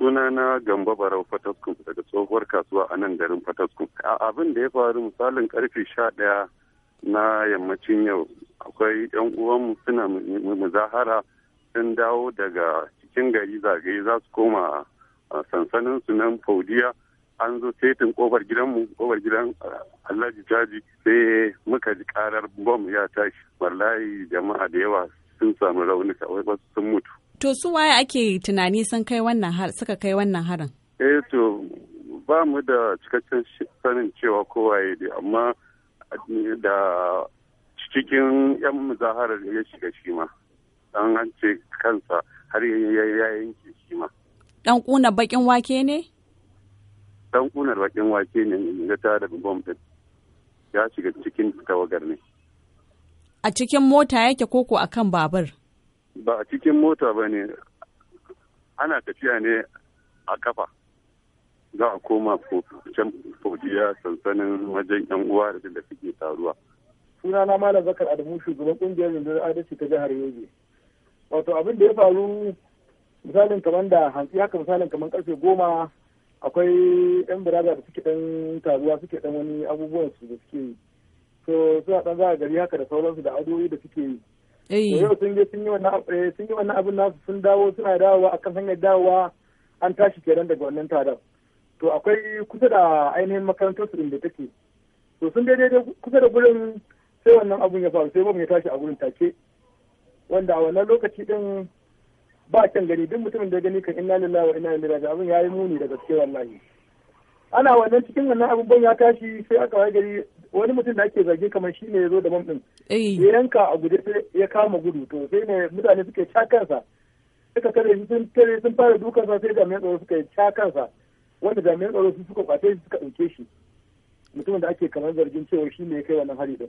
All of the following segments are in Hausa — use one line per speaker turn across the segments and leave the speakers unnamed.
sunana gamba barau fataskun daga tsohuwar kasuwa a nan garin a abin da ya faru misalin karfe sha ɗaya na yammacin yau akwai yan uwanmu suna muzahara sun dawo daga cikin gari zagaye za su koma sansanin su nan faudiya an zo setin kofar gidanmu kofar gidan alhaji jaji sai muka ji karar bom ya tashi wallahi jama'a da yawa sun samu raunuka wai wasu sun mutu
To su waye ake tunani sun kai wannan har suka kai wannan harin?
Eh to ba mu da cikakken sanin cewa kowaye yi, amma da cikin 'yan muzaharar ya shiga shi ma dan an ce kansa har ya yanke shi ma. Dan
kuna bakin wake ne?
Dan kunar bakin wake ne ga ta da bom din. Ya shiga cikin tawagar ne.
A cikin mota yake koko akan babur?
ba a cikin mota ba ne ana tafiya ne a kafa za a koma can fodiya sansanin wajen yan uwa da da suke taruwa
sunana malam zakar adamu shugaban kungiyar rundunar adalci ta jihar yobe wato abin da ya faru misalin kamar da hantsi haka misalin kamar karfe goma akwai yan biraza da suke dan taruwa suke dan wani abubuwan su da suke yi so suna dan za a gari haka da sauransu da adoyi da suke yi Eh. yau sun je sun yi wannan eh, abin nasu sun dawo suna dawowa akan hanyar dawowa an tashi kenan daga wannan taron to akwai kusa da ainihin makarantar su da take to sun daidai kusa da gurin sai wannan abu ya faru sai bom ya tashi a gurin take wanda a wannan lokaci din ba kan gari duk mutumin da gani kan inna lillahi wa inna ilaihi abin yayi muni da gaske wallahi ana wannan cikin wannan abin ya tashi sai aka wai gari wani mutum da ake zargi kamar shi ne ya zo da bam ya yanka a guje ya kama gudu to sai ne mutane suka cakansa kansa suka kare shi sun tare sun fara dukan sa sai jami'an tsaro suka cakansa kansa wanda jami'an tsaro su suka kwace shi suka dauke shi mutumin da ake kamar zargin cewa shi ne ya kai wannan hari din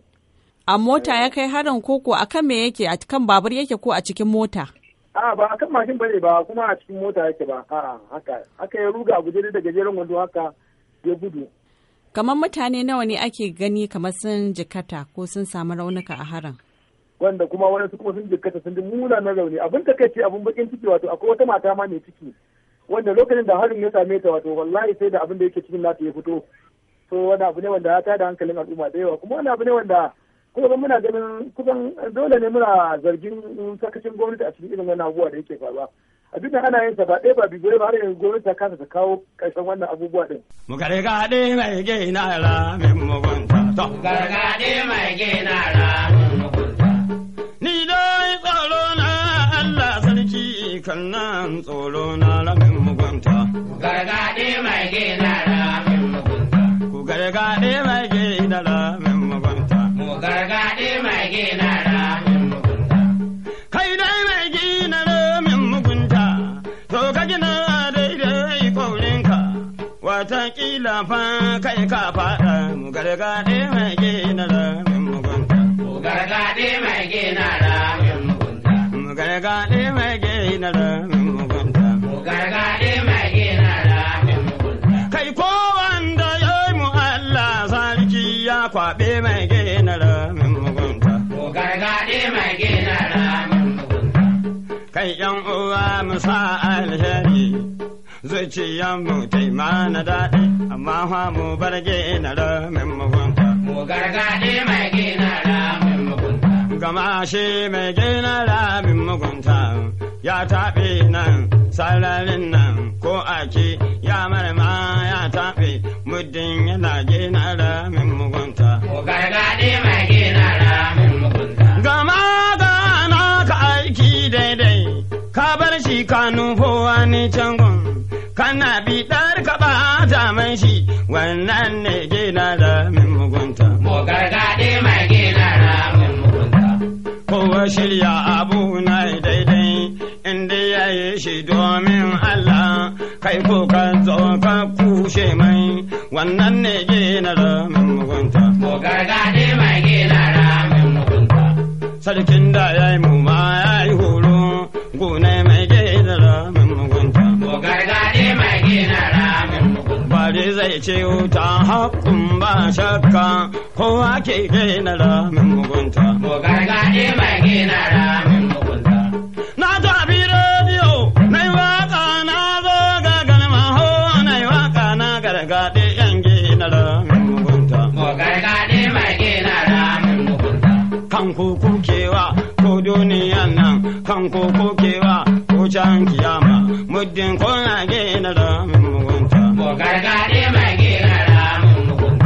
a mota ya kai harin koko a kan me yake a kan babur yake ko a cikin mota
a ba a kan mashin bane ba kuma a cikin mota yake ba a haka haka ya ruga a guje da gajeren wando haka ya gudu
kamar mutane nawa ne ake gani kamar sun jikata ko sun samu raunuka a harin
wanda kuma wani su kuma sun jikata sun ji na rauni abin ta kai abin bakin ciki wato akwai wata mata ma mai ciki wanda lokacin da harin ya same ta wato wallahi sai da abin da yake cikin nata ya fito so wani abu ne wanda ya tada hankalin al'umma da yawa kuma wani abu ne wanda kuma muna ganin kusan dole ne muna zargin sakacin gwamnati a cikin irin wani abubuwa da yake faruwa abinda ana yin sa ba ɗaya ba biyu ba har yanzu gwamnati ta kasa ta kawo ƙarshen wannan abubuwa ɗin.
Mu gargaɗe mai na ra mai mugunta. To. Gargaɗe mai na ra Ni dai tsoro na Allah sarki kan nan tsoro na ra mai mugunta. fa kai ka faɗa mu garga de mai ke na da min
mugunta. Mu garga de mai ke na da
min mugunta. Mu garga de mai ke na da min mugunta. Mu garga de mai ke na da min mugunta. Kai ko wanda ya mu Allah sarki ya kwabe mai ke na da min mugunta. Mu garga de mai ke na da min mugunta. Kai yan uwa musa zuciyanmu ta yi mana daɗi, amma fa mu bar gina min mugunta. Mu gargaɗi mai gina min mugunta. Gama shi mai gina min mugunta ya taɓe nan sararin nan ko ake ya marma ya taɓe muddin yana gina min mugunta. Mu gargaɗi mai gina min mugunta. Gama gana ka aiki daidai, ka bar shi ka nufo ni can annabi bi ɗar ka man shi wannan ne gina da min mugunta. Mo gargaɗe mai gina da min mugunta. Kowa shirya abu na daidai inda ya yi shi domin Allah kai ko ka zo ka kushe mai wannan ne gina da min mugunta. Mo gargaɗe mai gina da min mugunta. Sarkin da ya yi mu ma ya yi horo gune zai ciyo ta haƙun ba shakka kowa ke gina ramin mugunta. Ko gargaɗe mai gina ramin mugunta. Na tafi rediyo na yi waƙa na zo gagal maho na yi waƙa na gargaɗe yan gina ramin mugunta. Ko gargaɗe mai gina ramin mugunta. Kan ku kukewa ko duniyan nan kan ku kukewa ko can kiyama muddin kuna gina ramin